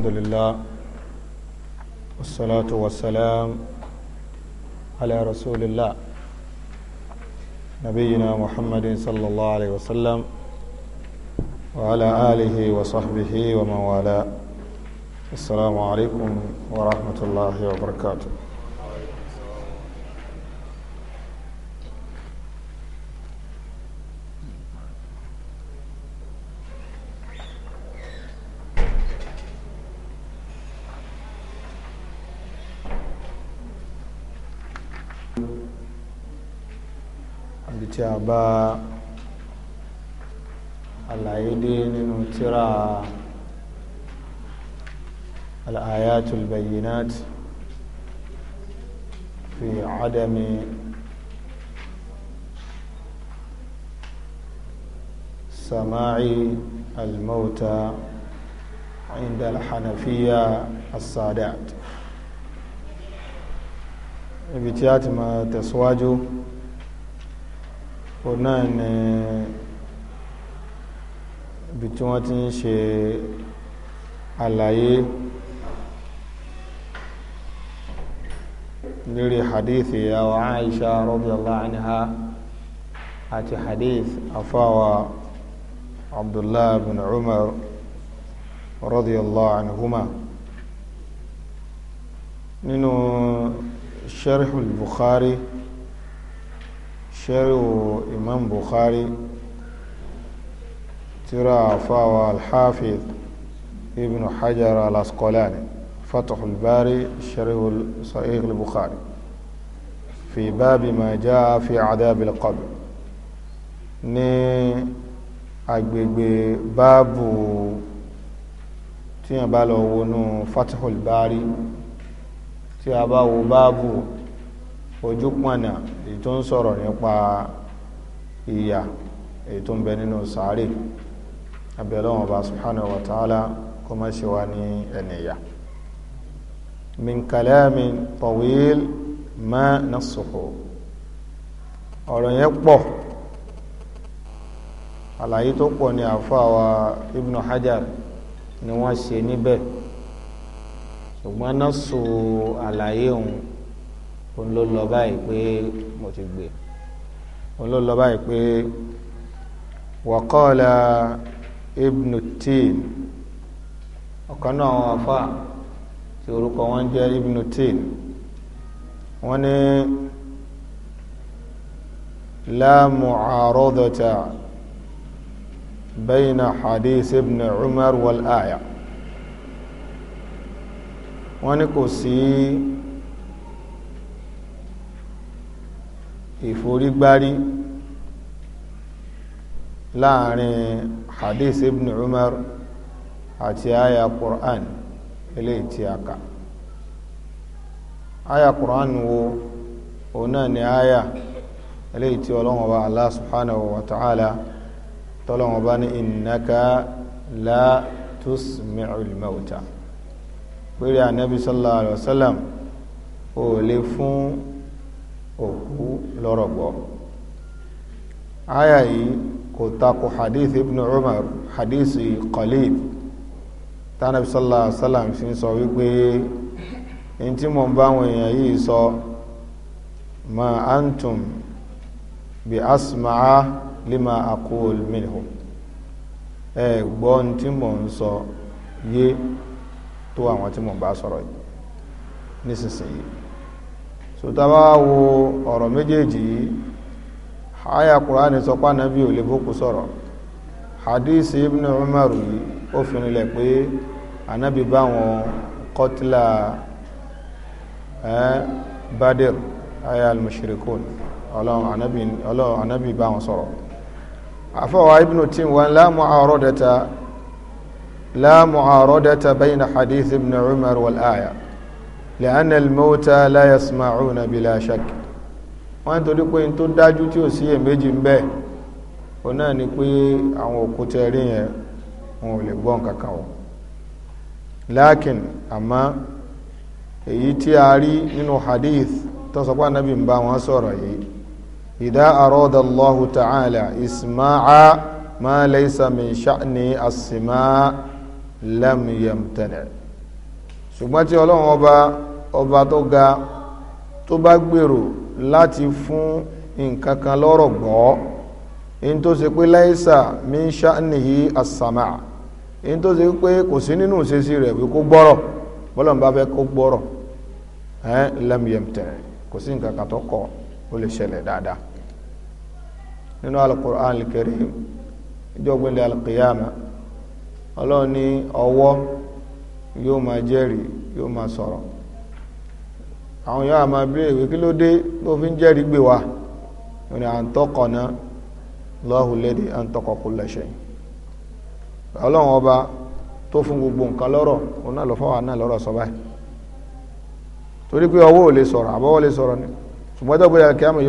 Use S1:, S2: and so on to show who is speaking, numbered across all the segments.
S1: الحمد لله والصلاة والسلام على رسول الله نبينا محمد صلى الله عليه وسلم وعلى آله وصحبه ومن والاه السلام عليكم ورحمة الله وبركاته bá àlàyé dé nínú tírà al-ayatul bayyinat fi adami سماع الموتى عند الحنفية السادات ابتيات ما تسواجه o náà ni ibi tí wọ́n ti ń ṣe àlàyé lórí hadith ìyàwó Aisha radiyallahu anha àti hadith afáwà Abdullah bin Umar radiyallahu anhuma nínú sharh al-Bukhari شرع إمام بخاري ترى فاوى الحافظ ابن حجر الأسقلاني فتح الباري شرع صحيح البخاري في باب ما جاء في عذاب القبر ní agbègbè báàbù tí a bá lọ wọnú Fathul Bari tí a bá wo báàbù ojú pọnà èyí tó ń sọ̀rọ̀ nípa ìyà èyí tó ń bẹ nínú sàárè abẹ́lọ́wọ̀n ọba subhanahu wa ta'ala kó má ṣe wá ní ẹnìyà min kalamin tawil ma nasuhu ọ̀rọ̀ yẹn pọ̀ àlàyé tó pọ̀ ní àfáwà ibn hajar ni wọ́n ṣe níbẹ̀ ṣùgbọ́n náà so àlàyé òun òun ló lọ báyìí pé mo ti gbé òun ló lọ báyìí pé wàkọ́ọ̀lá ibnu tin ọ̀kan náà àwọn afa tí orúkọ wọn jẹ́ ibnu tin wọ́n ní la mu'aradata bayna hadith ibn umar wal aya wọ́n ní kò sí. Si, ìforígbárí láàrin hadith ibn umar àti aya quran eléyìí tí a kà aya quran wo òun náà ni aya eléyìí tí ọlọ́wọ́n bá allah subhanahu wa ta'ala tọ́lọ́wọ́n bá ní innaka la tusmi'ul mauta pẹ̀lú anabi sallallahu alaihi wasallam ó lè fún òkú lọ́rọ̀ gbọ́ aya yìí kò takò hadith ibn umar hadith qalib tánàbí sallallahu alaihi wasallam fi sọ wípé in bá àwọn èèyàn yìí sọ ma antum bi lima ẹ gbọ́ ń sọ yé tó àwọn tí so tá bá wo ọ̀rọ̀ méjèèjì yìí aya Qur'ani sọ pé Ànábì ò lè bókù sọ̀rọ̀ hadith ibn Umar yìí ó fi rinlẹ̀ pé Ànábì bá wọn kọtila Badr aya al-mushrikun ọlọ́run Ànábì bá wọn sọ̀rọ̀ afọwà ibn tim wọn láàmú àrọ́dẹ̀ta láàmú àrọ́dẹ̀ta ibn Umar wal lẹ́hánà mọ́ta aláyàsímà òun àbílà ṣákì wọ́n ń torí pé n tó dájú tí ò sí èméjì ń bẹ òun náà ni pé àwọn òkú tẹ rí yẹn wọn ò lè gbọ́ nǹkan kan o lákìn àmọ́ èyí tí a rí nínú hadith tó sọ pé anábì ń bá wọn sọ̀rọ̀ yìí ìdá àrọ́dà allahu ta'ala isma'a ma laysa min sha'ni as-sima' lam yamtani' ṣùgbọ́n tí ọlọ́run ọba ọba tó ga tó bá gbèrò láti fún nǹkan lọ́rọ̀ gbọ́ in tó ṣe pé láìsà min ṣáàníhì àsàmà in tó ṣe pé kò sí nínú ìṣesí rẹ̀ wí kó gbọ́rọ̀ bọ́lọ̀ bá fẹ́ kó gbọ́rọ̀ ẹ́ kò sí tó kọ̀ ó lè ṣẹlẹ̀ dáadáa nínú alukur'an ní ọwọ́ yóò máa jẹ́rìí yóò máa sọ̀rọ̀ àwọn ya máa bie pé kí ló dé tó fi ń jẹ́rìí gbé wa ní àǹtọ́kọ̀nà lọ́hùn lẹ́dí ọlọ́run ọba tó fún gbogbo nǹkan lọ́rọ̀ òun náà lọ fún náà lọ́rọ̀ sọ torí pé ọwọ́ ò lè sọ̀rọ̀ àbọ̀wọ́ lè sọ̀rọ̀ ni ṣùgbọ́n tó kí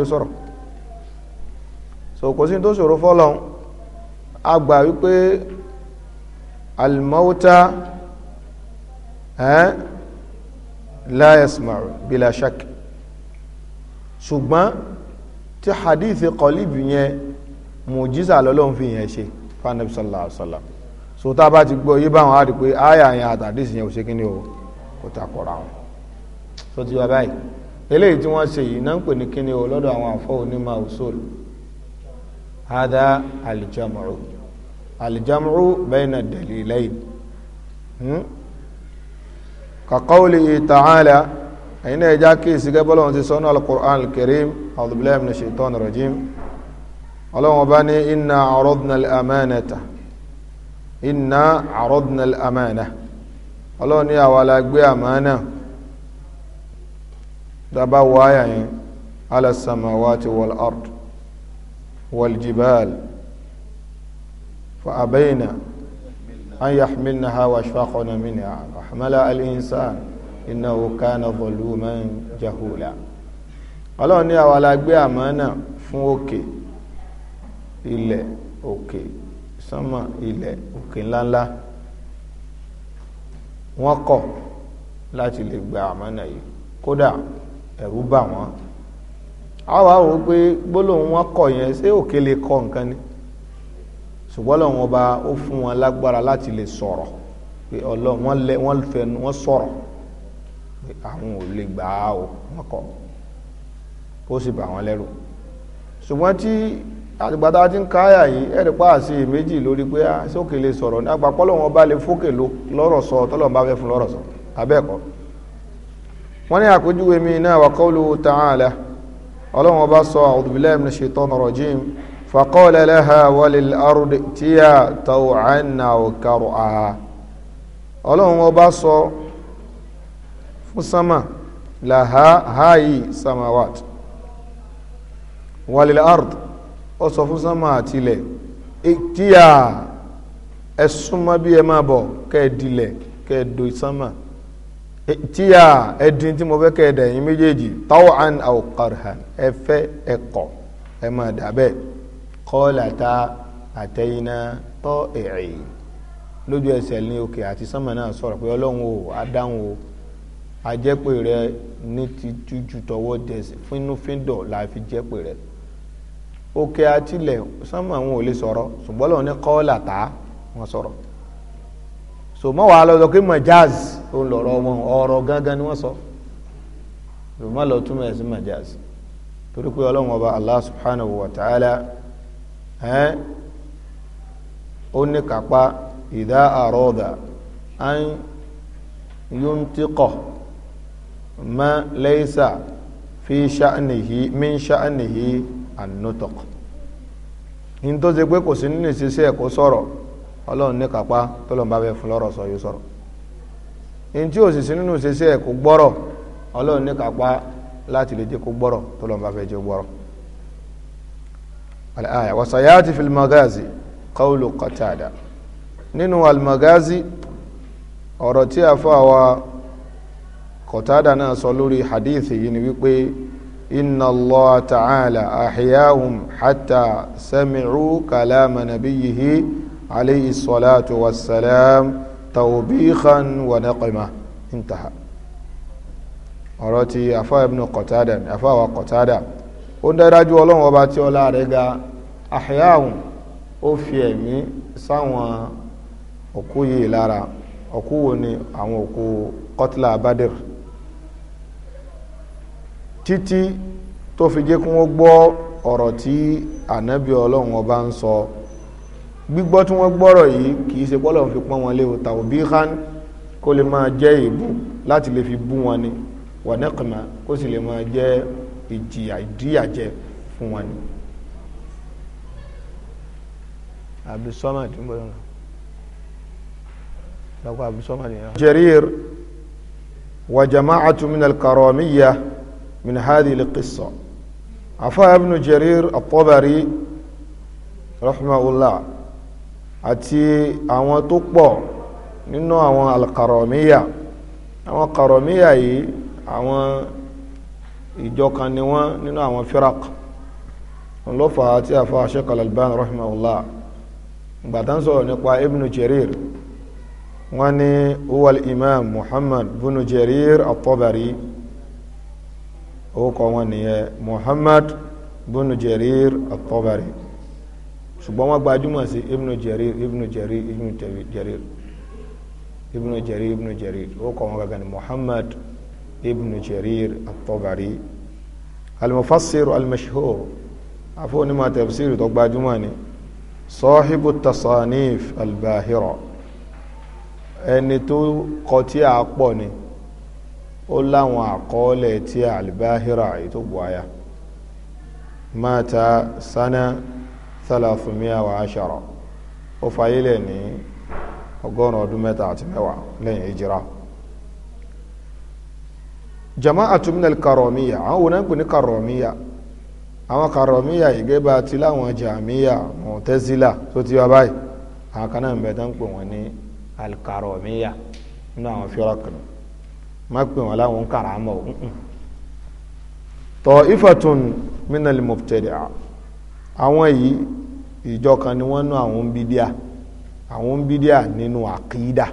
S1: sọ̀rọ̀ kò sí wípé la yasma'u bila shak ṣùgbọ́n tí hadith kọlíbù yẹn mùjísà lọ́lọ́run fi yẹn ṣe fanabi sallallahu alaihi wasallam so tá a bá ti gbọ́ yé báwọn á rí pé àyà yẹn àtàdé sì yẹn ò ṣe kí ni o kò takọ̀ra wọn so ti wá báyìí eléyìí tí wọ́n ṣe yìí náà ń pè ní kí ni o lọ́dọ̀ àwọn àfọ́ onímọ̀ usul hada aljamru aljamru bayna dalilayn hmm? ka qawlihi ta'ala ẹ̀yin náà ẹja kíyèsí gẹ́bọ́lọ́ wọn ti sọ́nà al-Qur'an al-Karim a'udhu billahi minash shaitani rajim ọlọ́wọ́n bá ní inna aradna al-amanata inna aradna al-amana ọlọ́wọ́n ní àwa la gbé àmánà dábà ala samawati wal-ard fa abayna. أن يحملنها وأشفقنا منها وحملها الإنسان إنه كان ظلوما جهولا ọlọ́run ní àwa la gbé àmánà fún òkè ilẹ̀ òkè sánmà ilẹ̀ òkè ńláńlá wọ́n kọ̀ láti lè gba àmánà yìí kódà ẹ̀rú bà wọ́n àwa wò pé gbólóhùn wọ́n kọ̀ yẹn ṣé òkè lè kọ̀ nǹkan ni ṣùgbọ́n lọ́wọ́n ọba ó fún wọn lágbára láti lè sọ̀rọ̀ pé ọlọ́run wọ́n lẹ wọ́n fẹnu wọ́n sọ̀rọ̀ pé àwọn ò lè gbà á o wọ́n kọ̀ ó sì bà wọ́n lẹ́rù ṣùgbọ́n tí àtìgbàtà ti ń káyà yìí ẹ̀rì pa àṣì méjì lórí pé sókè ah, lè sọ̀rọ̀ ní àgbàpọ̀ lọ́wọ́n ọba lè fókè lọ́rọ̀ sọ tọ́lọ́run bá fẹ́ fún lọ́rọ̀ sọ abẹ́ẹ̀kọ́ wọ́n ní àpèjúwe mi náà wà qawluhu ta'ala ọlọ́run ọba sọ a'udhu billahi minash shaitanir rajim فقال لها وللأرض ائتيا طوعا أو كرها ọlọ́run ọba sọ fún sama laha hayi samawat walilard ó sọ fún sama àti ilẹ̀ ìtíyà ẹ̀súnmọ́ bí ẹ máa bọ̀ kẹ́ẹ̀dìlẹ̀ kẹ́ẹ̀dò sama ìtíyà ẹ̀dín tí mo fẹ́ kẹ́ẹ̀dà yín méjèèjì taw'an aw karhan ẹ fẹ́ ẹ̀kọ́ ẹ máa dà bẹ́ẹ̀ kọ́ọ̀làtà àtẹ̀yìnà tọ́ èrè lójú ẹsẹ̀ ní òkè àti sánmà náà sọ̀rọ̀ pé ọlọ́run o adáhùn o ajẹ́pè rẹ ní ti tújú tọwọ́ dẹsẹ̀ fínúfíndọ̀ la fi jẹ́pè rẹ òkè àtìlẹ̀ sánmà wọn ò lè sọ̀rọ̀ ṣùgbọ́n lọ́wọ́ ní kọ́ọ̀làtà wọn sọ̀rọ̀ so mọ́ wàá lọ́dọ̀ pé majaz òun lọ̀rọ̀ wọn ọ̀rọ̀ gangan ni wọ́n sọ ṣùgbọ́n lọ́ọ́ túmọ̀ ẹ̀sìn majaz torí pé ọlọ́run ọba Allah subhanahu wa ta'ala ẹ́ ó ní kápá ìdá àrọ́dà an yuntiqo ma fi min sha'nihi an ní tó ṣe pé kò sí nínú ìṣiṣẹ́ ẹ̀kọ́ sọ̀rọ̀ ọlọ́run ní kápá tọ́lọ́run bá fẹ́ fún lọ́rọ̀ sọ yóò sọ̀rọ̀ ní tí ò sì sí nínú ìṣiṣẹ́ ẹ̀kọ́ gbọ́rọ̀ ọlọ́run al-aya wa sayati fil magazi qawlu qatada nínú al-magazi ọ̀rọ̀ tí a fọ́ àwa qatada náà sọ lórí hadith yìí ni wípé inna allah ta'ala ahyahum hatta sami'u kalama nabiyyihi alayhi salatu wassalam tawbikhan wa naqima intaha ọ̀rọ̀ tí afọ́ ibn qatada afọ́ àwa qatada ó dájú ọlọ́run ọba tí ọlá rẹ̀ ga àhíyáhùn ó fi ẹ̀mí sáwọn òkú yìí lára òkú wo ni àwọn òkú kọtìlá abadir títí tó fi jẹ́ kí wọ́n gbọ́ ọ̀rọ̀ tí ànábì ọlọ́run ọba ń sọ gbígbọ́ tí wọ́n gbọ́rọ̀ yìí kì í ṣe pọ́lọ̀ fi pọ́n wọn lé o tàwọn bí hàn kó lè máa jẹ́ ìbú láti lè fi bú wọn ni wà nẹ́kùnmá kó sì lè máa jẹ́ ìjìyà ìdíyàjẹ fún wọn ni abdulsomad ń bọ̀ lọ́nà lọ́kọ̀ abdulsomad yẹn. Jarir wa jama'atu min al-Karamiyya min hadhihi al-qissa afa ibnu Jarir at-Tabari rahmaullah àti àwọn tó pọ̀ nínú àwọn al-Karamiyya àwọn Karamiyya ìjọ kan ni wọ́n nínú àwọn firak wọn ló fà á tí a fa Sheikh Al-Albani rahimahullah gbàtà ń sọ̀rọ̀ nípa ibnu Jarir wọ́n ní uwal imam Muhammad ibnu Jarir at-Tabari orúkọ wọn nìyẹn Muhammad ibnu Jarir at-Tabari ṣùgbọ́n wọ́n gbajúmọ̀ sí ibnu Jarir ibnu Jarir ibnu Jarir ibnu Jarir ibnu Jarir orúkọ wọn gàgà ní Muhammad ibn jarir at-tabari al-mufassir al-mashhur afọ́ni ma tafsir tó gbajúmọ̀ ni sahibu tasanif al-bahira ẹni tó kọ tí a pọ̀ ni ó láwọn àkọọ́lẹ̀ tí al-bahira èyí tó bu aya mata sana thalathumia wa ashara ó fayílẹ̀ ní ọgọ́rùn-ún ọdún mẹ́ta àti mẹ́wàá lẹ́yìn ìjìrá jama'atu minal karomiya àwọn wọnà ń pè ní karomiya àwọn karomiya ìgẹ́bà ti láwọn jamiya mọ̀tẹ́sílà tó ti wá báyìí àwọn kan náà ń bẹ tó ń pè wọ́n ní alkaromiya nínú àwọn fíọ́rọ̀ kan má pè wọ́n láwọn karamọ́ tọ́ ifatun minal mubtadi'a àwọn yìí ìjọ kan ni wọ́n nú àwọn bídíà àwọn bídíà nínú àkídà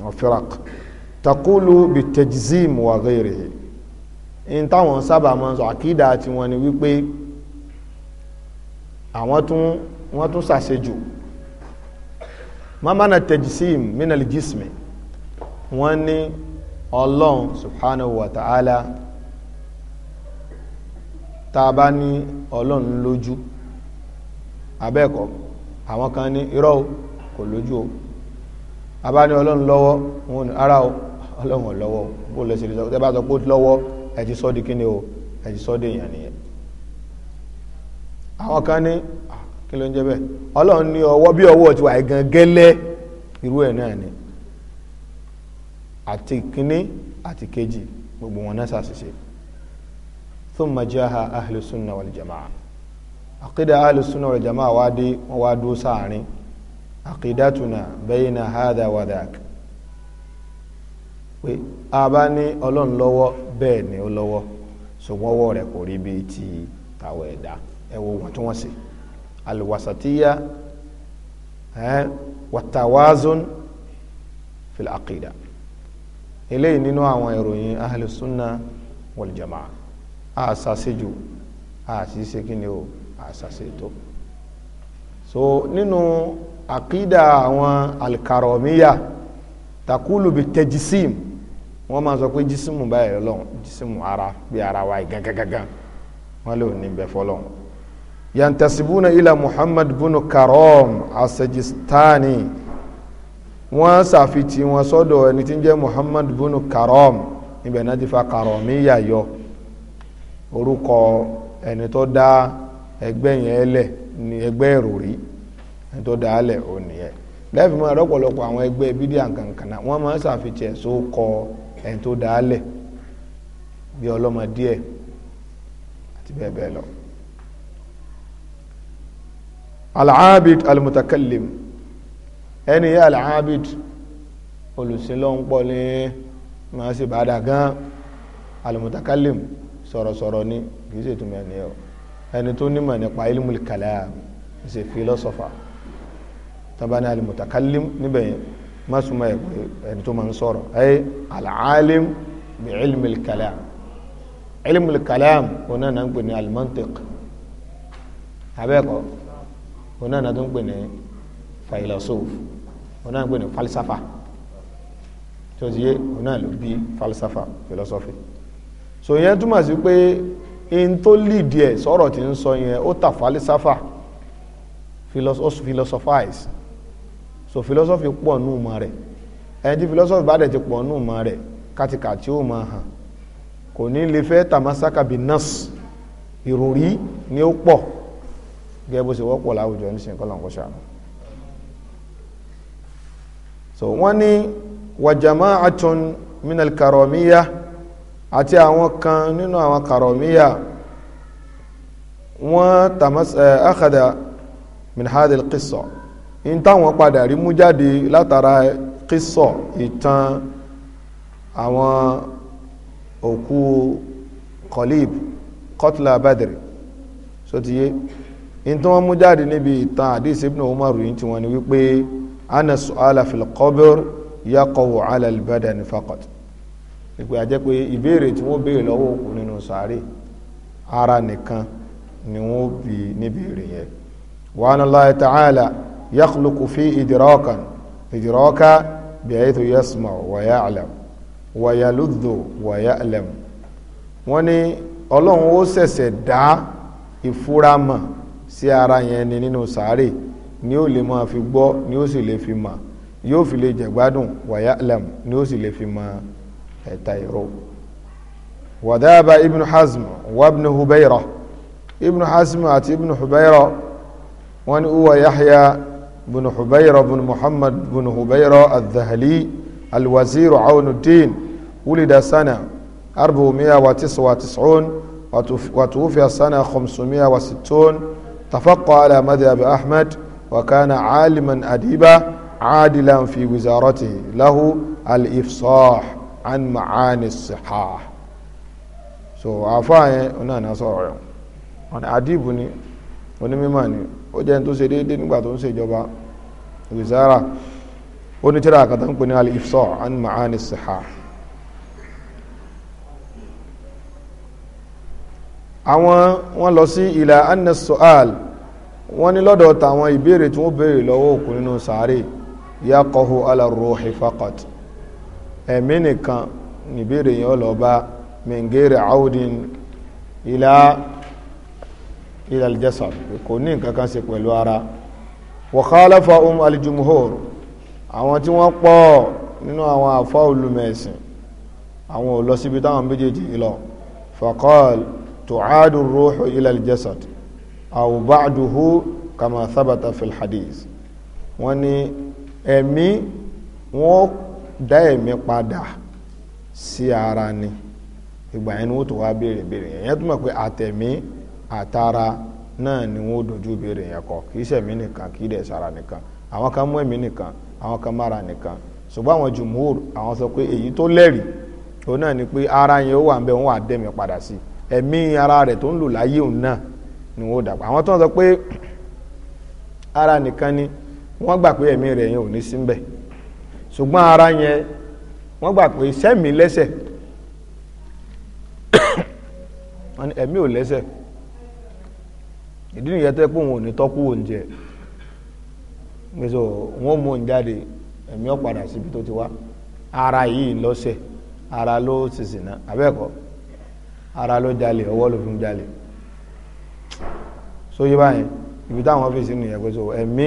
S1: àwọn fíọ́rọ̀ kan takulu bi tajzim wa ghairihi in táwọn sábà máa ń sọ àkídà tiwọn ni wípé àwọn tún wọ́n tún ṣàṣejù mamana tajzim minal jismi wọ́n ní ọlọ́run subhanahu wa ta'ala tá a bá ní ọlọ́run lójú abẹ́ẹ̀kọ́ àwọn kan ní irọ́ kò lójú o abá ní ọlọ́run lọ́wọ́ wọn ni ara o ọlọ́run lọ́wọ́ bó lè ṣe lè sọ tẹ́ bá sọ pé lọ́wọ́ ẹ ti sọ́ di kíni o ẹ ti sọ́ di èèyàn nìyẹn àwọn kan ní ah, kí ló ń jẹ́ bẹ́ẹ̀ ọlọ́run ní ọwọ́ bí ọwọ́ ti wà gan gẹ́lẹ́ irú ẹ̀ náà ni àti kíní àti kejì gbogbo wọn náà ṣàṣìṣe thumma jaha ahlu sunna wal jamaa aqida ahlu sunna wal jamaa wá dé wọn wá dúró sáàrin àkìdátùnà bẹ́yìnà hádà wàdàk pé a bá ní ọlọ́run lọ́wọ́ bẹ́ẹ̀ ni ó lọ́wọ́ ṣùgbọ́n ọwọ́ rẹ̀ kò rí bíi ti tàwọn ẹ̀dá ẹ wo wọ́n tí wọ́n sì alwasatiya wàtàwázún fil àkìdá eléyìí nínú àwọn ìròyìn ahlùsúnà wal jamaa àṣàṣejù àṣìṣe kí ni o àṣàṣe tó so nínú àkídà àwọn alkaromiya takulu bi tẹjisim wọ́n máa sọ pé jisimu báyìí ọlọ́run jisimu ara bí ara wa yìí gangan wọ́n lè ní bẹ́ẹ̀ fọlọ́run yantasibuna ila muhammad bunu karom asajistani wọ́n ṣàfitì wọn sọ́dọ̀ ẹni tí ń jẹ́ muhammad bunu karom ibẹ̀ náà ti fa karomiya yọ orúkọ ẹni tó dáa ẹgbẹ́ yẹn lẹ̀ egbe ẹgbẹ́ ìròrí tó dáa lẹ̀ ò nìyẹn lẹ́ẹ̀fì máa rọ́pọ̀lọpọ̀ àwọn ẹgbẹ́ bídíà kankaná wọ́n máa ń ṣàfihàn so kọ ẹni tó dáa lẹ̀ bí ọlọ́mọ díẹ̀ àti bẹ́ẹ̀ bẹ́ẹ̀ lọ. al-abid ẹni yẹ al-abid ni ní si ṣe bàdà gan al-mutakallim sọ̀rọ̀sọ̀rọ̀ ni kì í ni o. ẹni tó nímọ̀ nípa ilmul kalam ṣe philosopher tabani alimutakallim níbẹ̀ yẹn má súnmọ́ ẹ̀ pé ẹni tó máa ń sọ̀rọ̀ ẹ alaalim bi ilmul kalam ilmul kalam òun náà ń pè ní almantiq abẹ́ẹ̀kọ́ òun náà tó ń pè ní philosoph òun náà ń pè ní falsafa tí ti yé òun náà ló bí falsafa philosophy so ìyẹn túmọ̀ sí pé in tó lìdí ẹ̀ sọ̀rọ̀ tí ń sọ yẹn ó falisafa philosophize so philosophy pọ̀ nù mọ́ rẹ̀ ẹni tí philosophy bá dẹ̀ ti pọ̀ nù mọ́ rẹ̀ kátìkà ó máa hàn kò ní lè tamasaka bi nas ìròrí ni ó pọ̀ gẹ́gẹ́ bó ṣe wọ́pọ̀ láwùjọ ní so wọ́n ní wàjàmá àtún karomiya àti àwọn kan nínú àwọn kàrọ̀míyà wọ́n eh, akhada min hadhihi al-qissa in táwọn padà rí mú jáde látara qissa ìtàn àwọn òkú Qalib qatla Badr sotiye in tí wọ́n mú jáde níbi ìtàn hadith ibn Umar yìí tí wọ́n ní wípé ana su'ala fil qabr yaqaw ala ìpè àjẹ́ pé ìbéèrè tí wọ́n béèrè lọ́wọ́ òkú nínú sàárè ara nìkan ni wọ́n bi níbèrè yẹn wa anna Allaha ta'ala yakhluqu fi idrakan idraka bi'aythu yasma'u wa ya'lam wa yaludhu wa ya'lam wọ́n ní ọlọ́run ó ṣẹ̀ṣẹ̀ dá ìfúramọ̀ sí ara yẹn ni nínú sàárè ni ó lè máa fi gbọ́ ni ó sì lè fi mọ̀ yóò fi lè jẹ̀gbádùn wa ya'lam ni ó sì lè fi mọ̀ تيرو طيب. وذاب ابن حزم وابن هبيرة ابن حزم أتي ابن هبيرة وان هو يحيى بن هبيرة بن محمد بن هبيرة الذهلي الوزير عون الدين ولد سنة 499 وتوفي سنة 560 تفقى على مذهب أحمد وكان عالما أديبا عادلا في وزارته له الإفصاح an ma'ani sihah so àfáà yẹn ọ̀nà àná sọ̀rọ̀ rẹ̀ ọ̀nà àdìbò ni onímọ̀ ni ó jẹ́ tó ṣe déédéé nígbà tó ń ṣe ìjọba wizara ó ní tíra àkàtà ń pè ní al-ifsa an ma'ani sihah àwọn wọ́n lọ sí ilà anna su'al wọ́n ní lọ́dọ̀ tàwọn ìbéèrè tí wọ́n béèrè lọ́wọ́ òkú nínú sàárè yaqahu ala ruhi faqat ẹ̀mí nìkan níbèrè yẹn ọlọ́ba mẹ̀ngẹ́rẹ̀ áwùdín ilá ilá aljẹ́sà kò ní nǹkan kan ṣe pẹ̀lú ara wọ̀kálàfà um aljumhur àwọn tí wọ́n pọ̀ nínú àwọn àfọ́ olùmẹ̀sìn àwọn ò lọ síbi táwọn méjèèjì lọ faqal tu'adu ruhu ilá aljẹ́sàd aw ba'duhu kama thabata fil hadith wọ́n ní ẹ̀mí wọ́n dá ẹ̀mí padà sí ara ni ìgbà yẹn ni wọ́n tó wá béèrè béèrè yẹn yẹn tó mọ̀ pé àtẹ̀mí àtara náà ni wọ́n dojú béèrè yẹn kọ kì í ṣẹ̀mí nìkan kì í dẹ̀ sara nìkan àwọn kan mú ẹ̀mí nìkan àwọn kan mára nìkan ṣùgbọ́n àwọn jùmúhùr àwọn sọ pé èyí tó náà ni pé ara yẹn ó wà ń bẹ òun wà dẹ̀mí padà sí ẹ̀mí ara rẹ̀ tó ń lò láyé òun náà ni wọ́n àwọn tó ara nìkan ni wọ́n gbà pé ẹ̀mí rẹ̀ yẹn ò ní ṣùgbọ́n ara yẹn wọ́n gbà pé sẹ́mi lẹ́sẹ̀ wọ́n ní ẹ̀mí ò lẹ́sẹ̀ ìdí nìyẹn tẹ́ pé òun ò ní tọ́kú oúnjẹ gbèsò wọ́n mú un jáde ẹ̀mí ó padà síbi tó ti wá ara yìí lọ́sẹ̀ ara ló ṣìṣìnà abẹ́ẹ̀kọ́ ara ló jalè ọwọ́ ló fi ń jalè sóyè báyìí ibi táwọn ọ́fíìsì nìyẹn gbèsò ẹ̀mí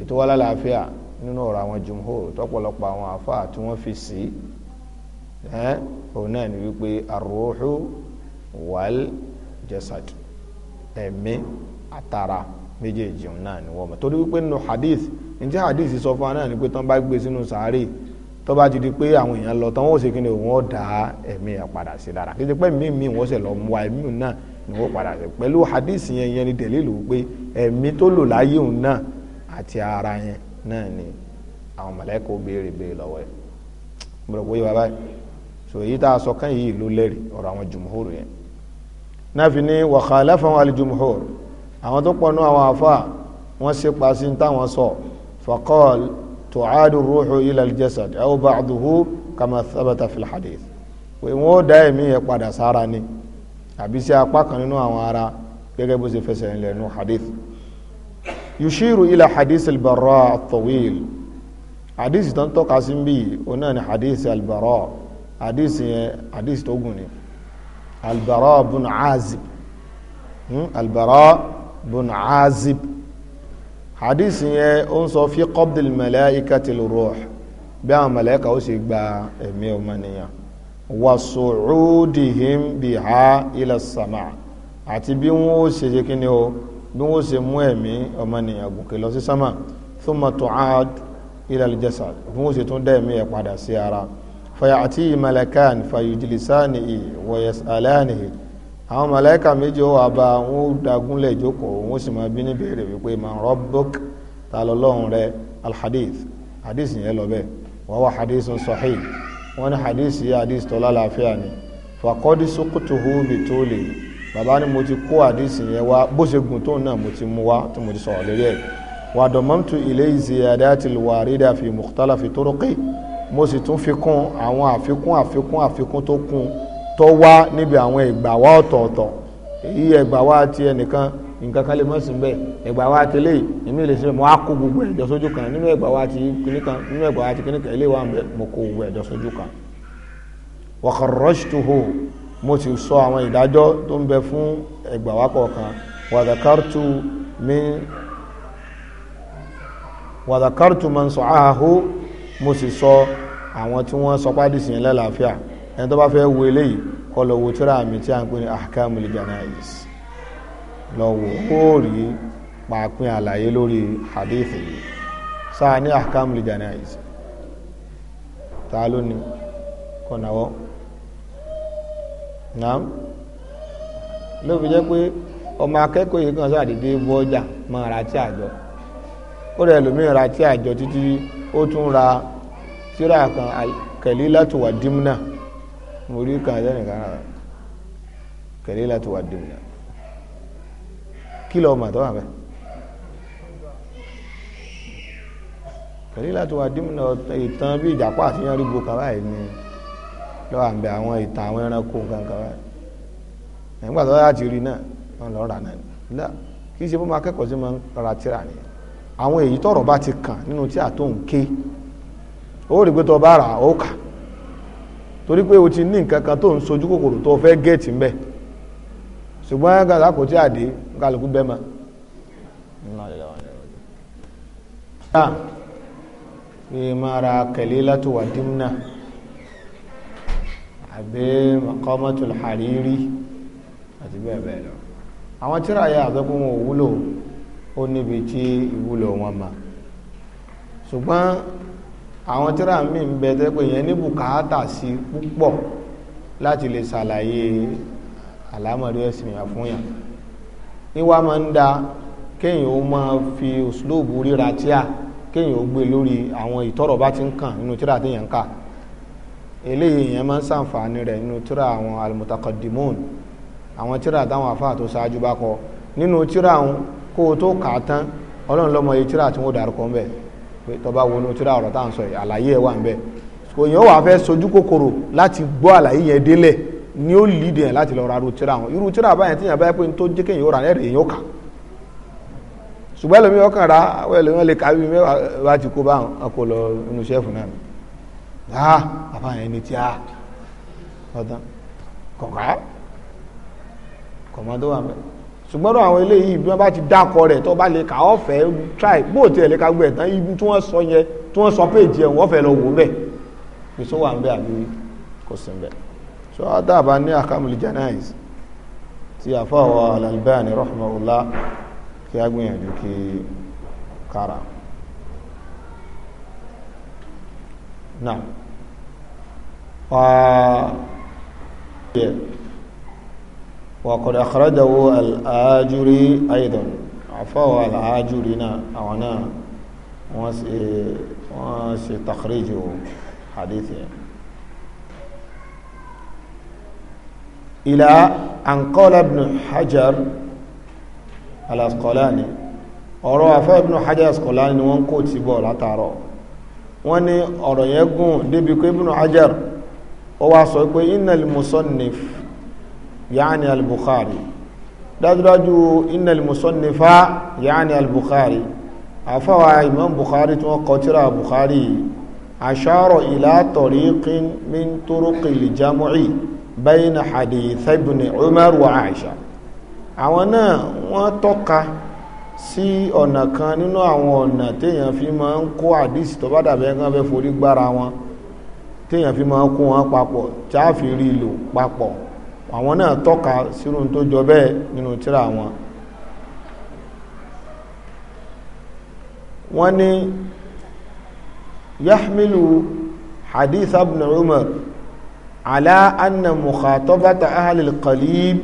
S1: ètò wà lálàáfíà nínú ọ̀rọ̀ àwọn jumhur tọ́pọ̀lọpọ̀ àwọn afa tí wọ́n fi sí ẹ́ òun náà ni wípé arruhu wal jasad ẹ̀mí àtara méjèèjì òun náà ni wọ́n mọ̀ torí wípé nínú hadith njẹ́ hadith sọ fún wa náà ni pé tán bá gbé sínú sàárè tó bá ti di pé àwọn èèyàn lọ tán wọ́n sì kíni wọ́n dá ẹ̀mí ẹ̀ padà sí dára kí n ti mí mi wọ́n sì lọ mú wa ẹ̀mí náà ni wọ́n padà sí pẹ̀lú hadith yẹn yẹn ni dẹ̀lílù pé ẹ̀mí tó lò láyé òun náà àti ara yẹn náà ni àwọn mọ̀lẹ́kọ̀ béèrè béèrè lọ́wọ́ ẹ̀ gbọ́dọ̀ wọ́n yí wa báyìí so èyí tá a sọ kán yìí ló lẹ́rì ọ̀rọ̀ àwọn jùmùhóòrò yẹn náà fi ní wàhálà fún àwọn alìjùmùhóòrò àwọn tó pọnú àwọn àfa wọn ṣe paṣí táwọn sọ faqal tu'adu ruhu ila al-jasad aw ba'duhu kama thabata fil hadith pé wọn dá ẹ̀mí yẹn padà sára ni àbí apá kan nínú àwọn ara gẹ́gẹ́ bó ṣe fẹsẹ̀ ńlẹ̀ nù hadith yushiru ila hadith al-bara at-tawil hadith tó ń tọ́ka sí bí òun náà ni hadith al-bara hadith yẹn hadith tó gùn ni al-bara bun azib hmm? al-bara bun azib hadith yẹn ó ń sọ fi qabd al-malaikati al bí àwọn màláíkà ó sì gba ẹ̀mí ọmọnìyàn wa su'udihim biha ila sama àti bí wọ́n ó ṣe ṣe kí ni o bí wọ́n ṣe mú ẹ̀mí ọmọnìyàn gòkè lọ sí sánmà thumma tu'ad ila al-jasad bí wọ́n ṣe tún dá ẹ̀mí ẹ̀ padà sí ara fayatihi malakan fayujlisanihi wa yas'alanihi àwọn màláíkà méjì wà bá wọn dagunlẹ̀ jókòó wọn sì máa bí ní béèrè wípé man rabbuk ta lọ́lọ́run rẹ alhadith hadith yẹn lọ bẹ́ẹ̀ wọ́n wá hadith sahih wọ́n ní hadith yìí hadith tó lálàáfíà ni faqad suqtuhu bi tulihi bàbá ni mo ti kó àdìsí yẹn wá bó ṣe gùn tóun náà mo ti mú wá tí mo ti sọ̀rọ̀ lórí ẹ̀ wà dọ̀mọ́mtu ilé ziyadati alwarida fi mukhtalafi turuqi mo sì tún fi kún àwọn àfikún àfikún àfikún tó kún tó wá níbi àwọn ìgbàwá ọ̀tọ̀ọ̀tọ̀ èyí ẹgbàwá ti ẹnìkan nǹkan kan lè mọ̀ sí bẹ́ẹ̀ ẹgbàwá ti lè èmi lè ṣe mo á kó gbogbo ẹ̀jọ́ sójú kan nínú ẹgbàwá ti kíní kan nínú ẹgbàwá ti kíní ilé wa mo kó gbogbo ẹ̀jọ́ sójú kan. wa kharrajtuhu mo sì sọ àwọn ìdájọ́ tó ń bẹ fún ẹgbà wá kọ̀ọ̀kan wàdàkàrtù min wàdàkàrtù man sa'ahu mo sì sọ àwọn tí wọ́n sọ pádìsì yẹn lálàáfíà ẹni tó bá fẹ́ wo eléyìí kọ́ lọ wo tíra mi tí a ń pè ní ahkamul janaiz lọ wo ó rí pàápín àlàyé lórí hadith yìí sáà ní ahkamul janaiz ta ló ní kọ̀nàwọ́ náà ló fi jẹ́ pé ọmọ akẹ́kọ̀ọ́ yìí kan sàdédé bọ́ ọjà máa ra tí àjọ ó rẹ̀ lómi ra tí àjọ títí ó tún ra tíra kan kẹ̀lí láti wà dímúnà mo rí kan ẹ̀jẹ̀ nìkan rà kẹ̀lí láti wà dímúnà kí lọ́ọ́ mà bẹ́ẹ̀. kẹ̀lí láti wà dímúnà ìtàn bí ìjàpá àti yanrìgbò kan báyìí ni lọ́wọ́ àbẹ àwọn ìtàn àwọn ẹranko kankan wa nígbà tó láti rí náà wọn lọ rà náà nílá kì í ṣe bó máa kẹ́kọ̀ọ́ sí máa ń ra tíra nìyẹn àwọn èyí tọ̀rọ̀ bá ti kàn nínú tí àtòhùn ké ó rí pé tó bá rà ó kà torí pé o ti ní nǹkan kan tó ń sojú kòkòrò tó fẹ́ gẹ̀ẹ́tì ń bẹ̀ ṣùgbọ́n gàdá kò àdé kálukú bẹ́ẹ̀ ma. ṣáà kẹ̀lé látò wà dímúnà àbí maqamatul hariri àti bẹ́ẹ̀ bẹ́ẹ̀ lọ àwọn tíra yẹ àgbẹ̀kún wọn òwúlò ó níbi tí ìwúlò wọn ma ṣùgbọ́n àwọn tíra mi ń bẹ tẹ́pẹ́ yẹn ní bùkátà sí púpọ̀ láti lè ṣàlàyé àlámọ̀rí ẹ̀sìn yà fún yà níwá máa ń da kéèyàn ó máa fi òṣùlóòbù ríra tíà kéèyàn ó gbé lórí àwọn ìtọ́rọ̀ bá ti ń kàn nínú tíra téèyàn ń kà eléyìí èèyàn máa ń sàǹfààní rẹ̀ nínú tíra àwọn almutakadimun àwọn tíra táwọn afáà tó ṣáájú bá kọ nínú tíra àwọn kó o tó kà á tán ọlọ́run lọ́mọ iye tíra tí wọ́n dárúkọ ńbẹ̀ pé tó bá wọnú tíra ọ̀rọ̀ táwọn sọ yìí àlàyé ẹ̀ wà ńbẹ̀ èèyàn wà fẹ́ sojú kòkòrò láti gbọ́ àlàyé yẹn délẹ̀ ni ó lìdí ẹ̀ láti lọ ra irú tíra àwọn irú tíra láà àfààní ẹni tí a ọ̀dán kọ̀ọ̀ká kọ̀mọ́dọ́ wà mẹ́ ṣùgbọ́n àwọn eléyìí bí wọ́n bá ti dákọ̀ rẹ̀ tó bá lè kà ọ́ fẹ́ try bó tiẹ̀ lè ka gbọ́ ẹ̀tàn ibi tí wọ́n sọ yẹn tí wọ́n sọ péjì ẹ̀ wọ́n fẹ́ lọ wò bẹ́ẹ̀ bí sọ wà ń bẹ́ àbí kò sí bẹ́ẹ̀ sọ dábàá ní àkàmùlì janaiz tí àfọwọ́ Al-Albani rahmanullah kí á gbìyànjú kí kára náà. وقد أخرجه الآجري أيضا عفوا الآجري أنا وسي تخريج حديثه إلى أن قال ابن حجر الأسقلاني ọ̀rọ̀ afẹ́ ibn Hajar Asqalani ni wọ́n kò tí bọ̀ látàárọ̀ wọ́n ní ọ̀rọ̀ yẹn gùn débi pé ibn Hajar ó wá sọ pé innal musannif yaani al-bukhari dájúdájú innal musannifa yaani al-bukhari àfáwà imam bukhari tí wọ́n kọ tírà bukhari ashara ila tariqin min turuqil jam'i bayna hadith ibn umar wa aisha àwọn náà wọ́n tọ́ka sí ọ̀nà kan nínú àwọn ọ̀nà téèyàn fi máa ń kó àdìsí tó bá dàbẹ́ kan fẹ́ forí gbára wọn téèyàn fi máa kún wọn papọ̀ tí a fi rí ìlò papọ̀ àwọn náà tọ́ka sírun tó jọ bẹ́ẹ̀ nínú tírà wọn wọ́n ní yahmilu hadith ibn umar ala anna mukhatabata ahlil qalib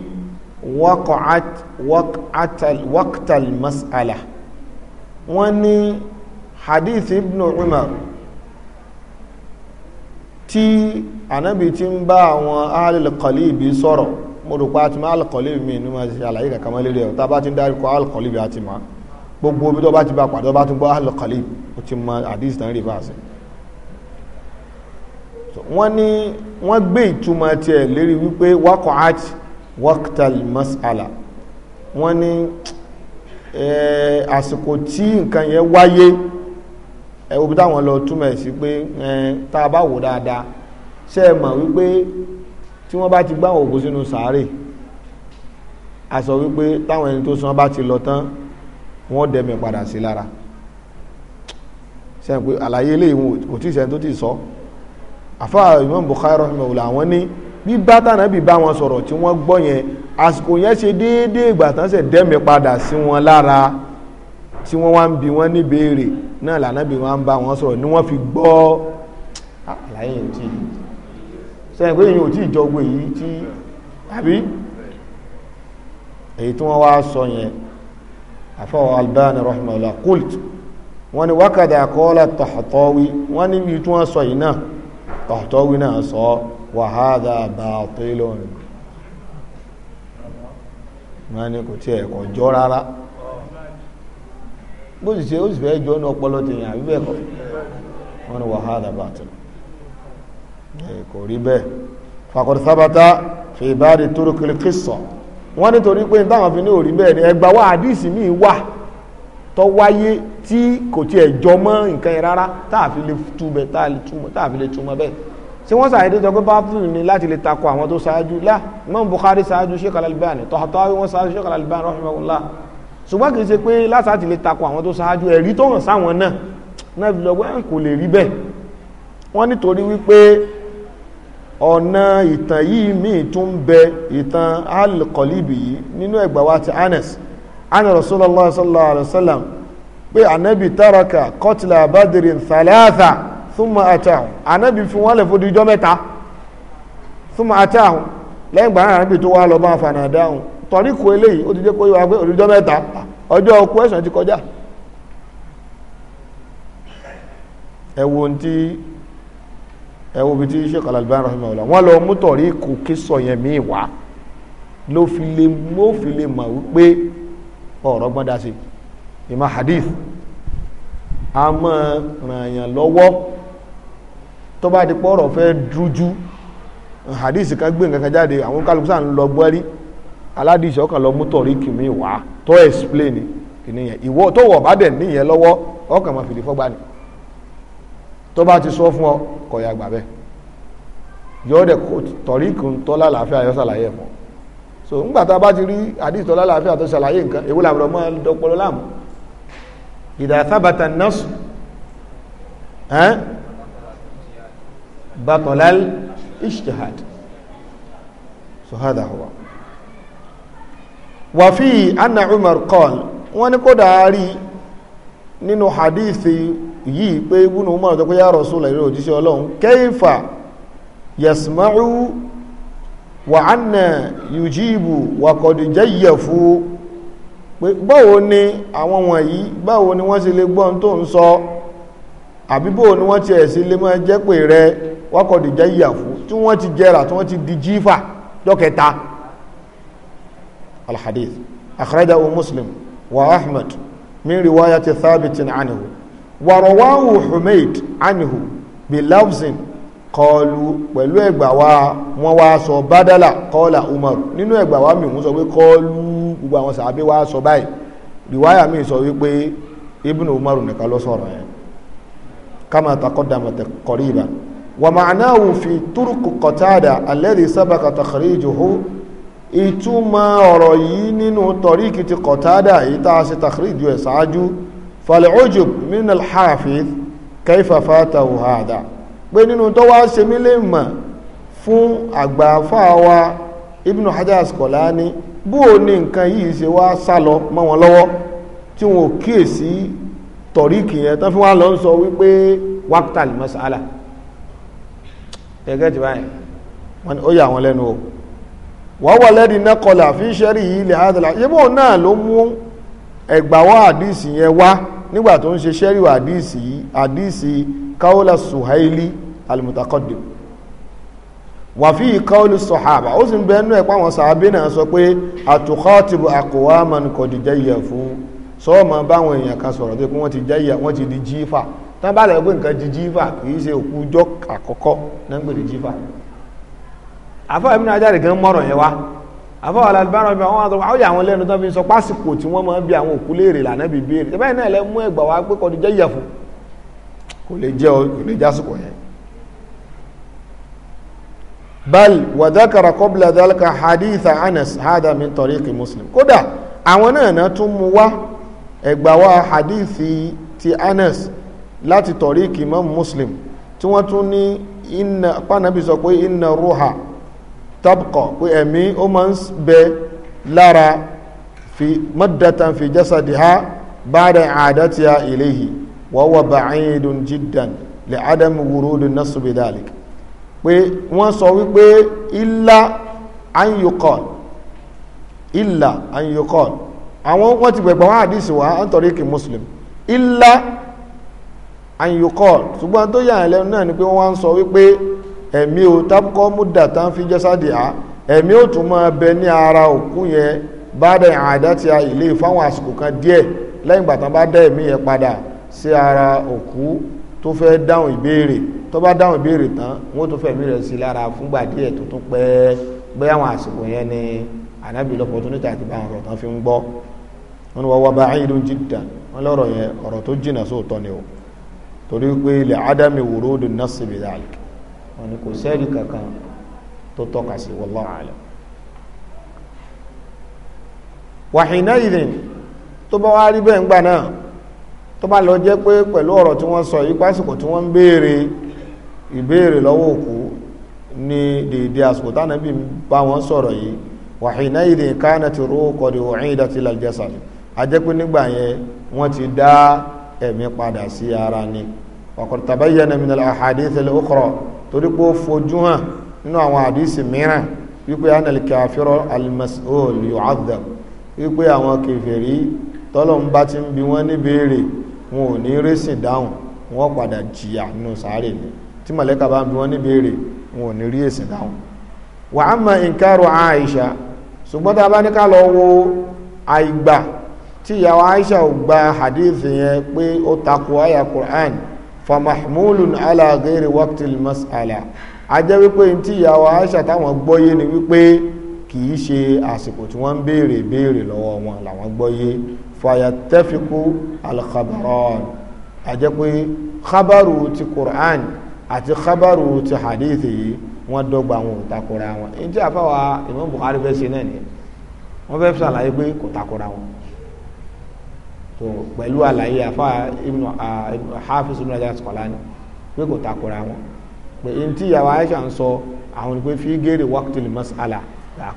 S1: waqa'at waqatal waqtal mas'ala wọ́n hadith ibn umar tí ànábì ti ń bá àwọn alìkọ̀lìbì sọ̀rọ̀ mo rò pé a ti máa alìkọ̀lìbì mi ní ma ṣe àlàyé kankan mọ́ lérí ẹ̀ tá a bá ti ń dárúkọ alìkọ̀lìbì àti ma gbogbo omi tó bá ti bá pàdé tó bá ti gbọ́ alìkọ̀lìbì ó ti mọ àdìs tán rí báàsì wọ́n ní wọ́n gbé ìtumọ̀ tiẹ̀ lérí wípé wákọ̀ art waqtal mas'ala wọ́n ní àsìkò tí nǹkan yẹn wáyé ẹ̀wò bí táwọn lọ túmọ̀ sí pé tá a bá wò dáadáa ṣe é mọ̀ wípé tí wọ́n bá ti gbá àwọn òkú sínú sàárè a sọ wípé táwọn ẹni tó san bá ti lọ tán wọ́n dẹ̀mẹ̀ padà sí lára ṣe é pé àlàyé eléyìí kò tí ì sẹ́ni tó ti sọ àfáà Imam Bukhari rahimahullah àwọn ní bí bátànà bí bá wọn sọ̀rọ̀ tí wọ́n gbọ́ yẹn àsìkò yẹn ṣe déédéé ìgbà tán ṣe dẹ̀mẹ̀ padà sí wọn lára tí wọ́n wá ń bi wọ́n ní béèrè náà lànàbí wọn ń bá wọn sọ̀rọ̀ ni wọ́n fi gbọ́ ah, àlàyé tí sẹ́yìn pé èyàn ò tí ìjọgbé yìí tí àbí èyí tí wọ́n wá sọ yẹn àfọwọ́ Albani rahimahullah kult wọ́n ní wákàtí àkọọ́lá Tahtawi wọ́n ní ibi tí wọ́n sọ yìí náà Tahtawi náà sọ wa hadha batilun wọ́n ní kò tí ẹ̀kọ́ jọ rárá bó sì ṣe ó sì fẹ́ jọ ní ọpọlọ tèèyàn àbí bẹ́ẹ̀ kọ́ wọn ni wàhálà bàtìlù kò rí bẹ́ẹ̀ fàkọ̀dì sábàtà fi ìbáàdì tóró kìlìkì sọ wọ́n nítorí pé táwọn fi ní òrí bẹ́ẹ̀ ni ẹgbà wá àdìsí míì wà tó wáyé tí kò tiẹ̀ jọ mọ́ nǹkan yẹn rárá táàfi lè túbẹ̀ táàfi lè túmọ̀ bẹ́ẹ̀ tí wọ́n sàyẹ̀dé jọ pé bátìlù ni láti lè takò àwọn tó ṣáájú lá Imam Bukhari ṣáájú Sheikh Al-Albani Tahawi wọ́n ṣáájú Sheikh Al-Albani rahimahullah ṣùgbọ́n kì í ṣe pé lásàtì lè takò àwọn tó ṣáájú ẹ̀rí tó hàn sáwọn náà náà fi lọ́gbọ́n eh, kò lè rí bẹ́ẹ̀ wọ́n nítorí wípé ọ̀nà ìtàn yìí míì tún ń bẹ ìtàn alkọ̀líbì yìí nínú ẹgbà wa ti anas ana rasulullah sallallahu alaihi wasallam pé anabi taraka kọtìlá badirin thalatha thumma atahum anabi fi wọn lè fún dijọ́ mẹ́ta thumma atahum lẹ́yìn gbàrán anabi tó wá lọ bá fanadahum tọ́ríkù eléyìí ó ti jẹ́ kó yíwa pé òdìjọ́ mẹ́ta ọjọ́ ọkú ẹ̀sùn ti kọjá ẹ̀wò tí ẹ̀wò bí tí Sheikh Al-Albani rahimahullah wọ́n lọ mú tọ́ríkù kí sọ yẹn míì wá ló fi lè mọ́ fi lè mọ̀ wípé ọ̀rọ̀ gbọ́n dá ìmọ̀ hadith a mọ́ ràn yàn lọ́wọ́ tó bá di pọ́rọ̀ fẹ́ dújú hadith kan gbé nǹkan jáde àwọn kálukú sáà ń lọ gbọ́rí aládìsí ọkàn lọ mú tọ̀rí kìmí wá tó explain kìíní yẹn ìwọ tó wọ̀ bá dẹ̀ níyẹn lọ́wọ́ ọkàn máa fìdí fọ́gbà ti sọ fún ọ ya yọ dẹ̀ tọ̀rí kìí tọ́lá làáfíà yọ sàlàyé so ńgbà tá a bá ti rí àdìsí tọ́lá làáfíà tó sàlàyé nǹkan èwo làwọn ọmọ dọpọlọ láàmú ìdá nọ́ọ̀sù eh, so wàfí anna umar qal wọ́n ní kó dáárí nínú hadithi yìí pé ibùnú umar tó kó yá rasulullah ìrò òjíṣẹ́ ọlọ́run kayfa yasma'u wa anna yujibu wa qad jayyafu pé báwo ni àwọn wọ̀nyí báwo ni wọ́n sì lè gbọ́n tó ń ni wọ́n ti ẹ̀sí lè máa jẹ́ pé rẹ tí wọ́n ti الحديث أخرجه مسلم wa من min ثابت عنه ورواه حميد عنه humaid قالوا bi lafzin qalu pẹ̀lú ẹgbà wa wọ́n wá sọ bádálà qala umar nínú ẹgbà wa mi wọ́n sọ pé qalu gbogbo àwọn sàábé wá sọ báyìí riwaya mi sọ wípé ibnu umar nìkan ló sọ̀rọ̀ yẹn kama taqaddama qariban wa ma'nahu fi turku qatada alladhi sabaqa takhrijuhu ìtumọ̀ ọ̀rọ̀ yìí nínú tọ̀ríkì ti kọ̀tádà yìí tá a ṣe takhriju ẹ̀ ṣáájú fal'ujub min al-hafiz kayfa fatahu hada pé nínú tó wá ṣe mí lè mọ̀ fún àgbàfáwa Ibn Hajar Asqalani bó o ní nǹkan yìí ṣe wá sálọ mọ́ wọn lọ́wọ́ tí wọn kíyèsí tọ̀ríkì yẹn tán fi wá lọ sọ wípé waqtal mas'ala ẹgẹ́ ti báyìí ó yà wọn lẹ́nu o wọ́wọ́ lẹ́dí nẹ́kọlà fi ṣẹ́rí yìí lè hádàlá yíbò náà ló mú ẹgbàwọ́ àdìsí yẹn wá nígbà tó ń ṣe ṣẹ́rí àdìsí àdìsí káwọ́lá suhaili alimutakọ́dìm wà fi káwọ́lù sọ̀hábà ó sì ń bẹ́ẹ̀ nú ẹ̀pá àwọn sàábé náà sọ pé àtùkọ́tìbù àkọ́wá mọ̀nìkọ̀dì jẹ́yẹ̀ fún sọ́ọ̀mọ báwọn èèyàn kan sọ̀rọ̀ pé wọ́n ti jẹ́yẹ̀ wọ́n ti di jífà tán pé nǹkan di jífà kì í òkú ọjọ́ àkọ́kọ́ náà ń pè jífà àfọwọ́ Ibn Hajar gan mọ̀rọ̀ yẹn wá àfọwọ́ Al-Albani bí àwọn àtọ́wọ́ àwọn àwọn lẹ́nu tó fi sọ pásìkò tí wọ́n máa ń bi àwọn òkú léèrè lànà bí béèrè tẹ́bẹ́ náà lẹ́ mú ẹgbà wá pé kò ní jẹ́ yẹ̀fun kò lè jẹ́ kò lè jásìkò yẹn. bal wa dhakara qabla dhalika haditha Anas hada min tariqi Muslim kódà àwọn náà náà tún mú wá ẹgbà wá hadithi ti Anas láti tariqi Imam Muslim tí wọ́n tún ní inna pàànàbí sọ pé inna ruha tabqa pé ẹ̀mí ó máa ń bẹ lára fi maddatan fi jasadiha ba'da i'adatiha ilayhi wa huwa ba'idun jiddan li'adam wurudi an-nass bidhalik pé wọ́n sọ wípé illa an yuqal illa an yuqal àwọn wọ́n ti gbẹ̀gbẹ̀ wọ́n àdìsí wa kì muslim illa an ṣùgbọ́n tó yà lẹ́nu náà ni pé wọ́n sọ wípé ẹ̀mí o tábùkọ́ múdà tá ń fi jẹ́sàdì á ẹ̀mí ò tún máa bẹ ní ara òkú yẹn bá dẹ̀ àdá ti ilé fáwọn àsìkò kan díẹ̀ lẹ́yìn ìgbà tán bá dá ẹ̀mí yẹn padà sí ara òkú tó fẹ́ dáhùn ìbéèrè tó bá dáhùn ìbéèrè tán wọ́n tó fẹ̀mí rẹ̀ sí lára fúngbà díẹ̀ tó tún pẹ́ bẹ́ àwọn àsìkò yẹn ni ànábì lọ́pọ̀tunítà àti báwọn ọ̀rọ̀ tán fi ń gbọ́ wọn ni wọ́n wá bá ayélujára jìdá wọn lọ́rọ̀ yẹn ọ̀rọ̀ tó jìnnà sóòtọ́ ni o torí pé lè ádámì wòrò dùn náà síbi dáàlì wọn ni kò sẹ́ẹ̀rì kankan tó tọ́ka sí wallahu alam wàhíná ìdìn tó bá wá rí bẹ́ẹ̀ ńgbà náà tó bá lọ jẹ́ pé pẹ̀lú ọ̀rọ̀ tí wọ́n sọ yípa àsìkò tí wọ́n ń béèrè ìbéèrè lọ́wọ́ òkú ní dèdè àsìkò tánàbí bá wọn sọ̀rọ̀ yìí wàhíná ìdìn kánà ti rú kọ̀dì òhìn ìdàtí làjẹsà a jẹ́ pé nígbà yẹn wọ́n ti dá ẹ̀mí padà sí ara ni wàkọ̀tàbáyẹ̀ nàmìnà àhàdí tẹ̀lé ó kọ̀rọ̀ torí pé ó fojú hàn nínú àwọn àdísì mìíràn wípé anal kafiro almasol yu'adhab wípé àwọn kèfèrí tọ́lọ́n bá ti ń bi wọ́n ní béèrè wọn ò ní rẹ́sìn dáhùn wọ́n padà jìyà nínú sáré ni tí mọ̀lẹ́kà bá ń bi wọ́n ní béèrè wọn ò ní rí èsì dáhùn wa amma inkaru Aisha ṣùgbọ́n tá a bá ní ká lọ wo àìgbà tí ìyàwó Aisha ò gba hadith yẹn pé ó takò àyà Qur'an famahmulun ala ghairi waqtil mas'ala a jẹ́ wípé n tí ìyàwó aisha táwọn gbọ́yé ni wípé kì í ṣe àsìkò tí wọ́n ń béèrè béèrè lọ́wọ́ wọn làwọn gbọ́yé fayattafiqu al-khabaran a jẹ́ pé khabaru ti Qur'an àti khabaru ti hadith yìí wọ́n dọ́gba wọn ò takora wọn n tí àfáwà Imam Bukhari fẹ́ ṣe náà nìyẹn wọ́n fẹ́ sàlàyé pé kò takora wọn tó pẹ̀lú àlàyé àfa ibnu hafiz ibnu ajá Asqalani pé kò takora wọn pé n tí ìyàwó aisha ń sọ àwọn ni pé fi gèrè wákìtì lè mas'ala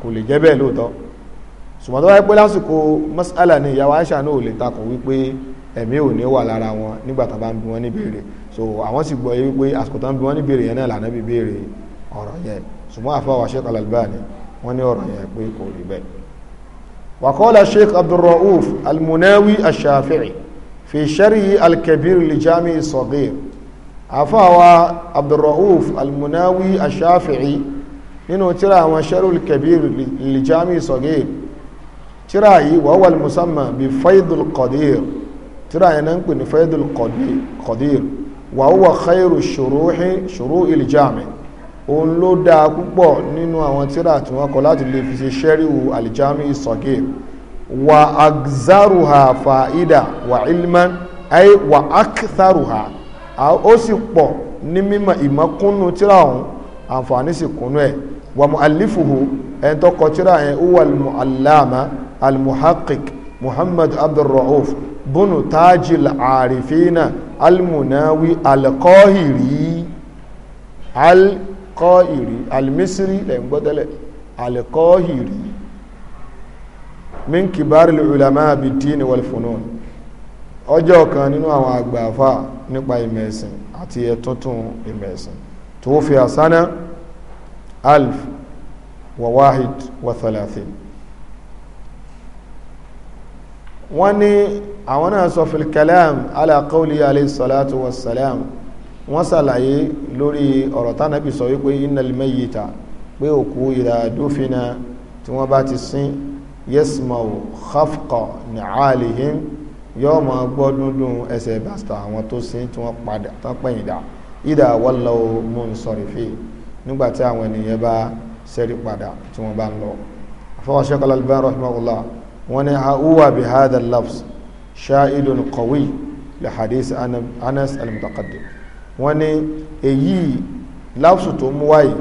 S1: kò lè jẹ́ bẹ́ẹ̀ lóòótọ́ ṣùgbọ́n tó wáyé pé lásìkò mas'ala ni ìyàwó aisha náà ò lè takò wípé ẹ̀mí ò ní wà lára wọn nígbà tó bá ń bi wọ́n ní béèrè so àwọn sì gbọ́ wípé àsìkò tó ń bi wọ́n ní béèrè yẹn náà lànà bí béèrè ọ̀rọ̀ yẹn ṣùgbọ́n àfa wa Sheikh Al-Albani wọ́n ní ọ̀rọ̀ وقال الشيخ عبد الرؤوف المناوي الشافعي في شرعه الكبير لجامع الصغير عفاوى عبد الرؤوف المناوي الشافعي nínú tíra àwọn sharul kabir lijami sogir tíra yìí wọ́wọ́ musamman bí faidul qadir tíra yìí na ń pè ní faidul qadir wọ́wọ́ khairu shuruhi shuru iljami òun ló dáa púpọ̀ nínú àwọn tíra tí wọ́n kọ láti lè fi ṣe ṣẹ́ríwò alijami sọ̀gẹ́ wa agzaruha fa'ida wa ilman ay wa aktharuha ó sì pọ̀ ní mímọ̀ ìmọ̀kúnnú tíra ọ̀hún àǹfààní sì kúnnú ẹ̀ wa mu'allifuhu ẹni tó kọ tíra yẹn huwa al-mu'allama al-muhaqqiq muhammad abdulra'uf bunu tajil arifina almunawi alqahiri al kọ́ ìrí alimisiri lẹ̀ ń gbọ́tẹ́lẹ̀ alikọ́ ìrí min kibari ulama bid-din wal-funun ọjọ́ kan nínú àwọn àgbààfà nípa ìmẹ̀sìn àti ẹ̀túntún ìmẹ̀sìn tuwufiya sana alf wa wahid wa thalathin wọ́n ní àwọn náà sọ fil kalam ala qawli wọ́n sàlàyé lórí ọ̀rọ̀ tánàbí sọ wípé innal mayyita pé òkú ìrà dúfina tí wọ́n bá ti sin yasmau khafqa ni'alihim yóò mọ̀ gbọ́ dúndún ẹsẹ̀ bàtà àwọn tó sin tí wọ́n padà tán pẹ̀yìn dà ìdà wallaw munsarifin nígbàtí àwọn ènìyàn bá sẹ́rí padà tí wọ́n bá ń lọ wọ́n ní èyí láwùsù tó mú wáyìí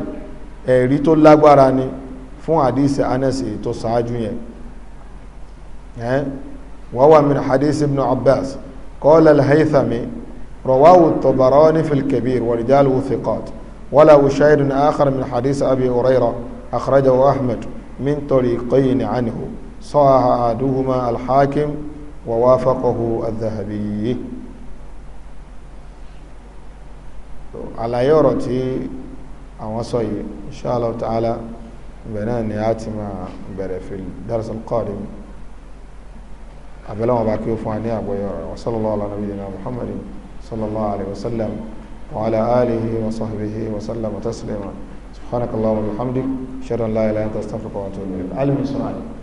S1: ẹ̀rí tó lágbára ni fún àdísì anẹ́sì tó sáájú yẹn wọ́n wà min hadisi ibn abbas qala al-haythami rawahu at-tabarani fil kabir wa rijaluhu thiqat وله شاهد آخر من حديث أبي هريرة أخرجه أحمد من طريقين عنه صاح أحدهما الحاكم ووافقه الذهبي àlàyé ọ̀rọ̀ tí àwọn sọ yìí inshallah ta'ala ibẹ̀ náà ni a ti máa bẹ̀rẹ̀ fil daras al-qadim abẹ́lẹ́wọ̀n bá kí ó fún wa ní àgbọ̀yọ̀ ọ̀rọ̀ wa sallallahu ala nabiyyina muhammadin sallallahu alaihi wasallam wa ala alihi wa sahbihi wa sallam taslima subhanakallahumma wa bihamdik shadan la ilaha illa anta astaghfiruka wa atubu ilayk alimin sa'ali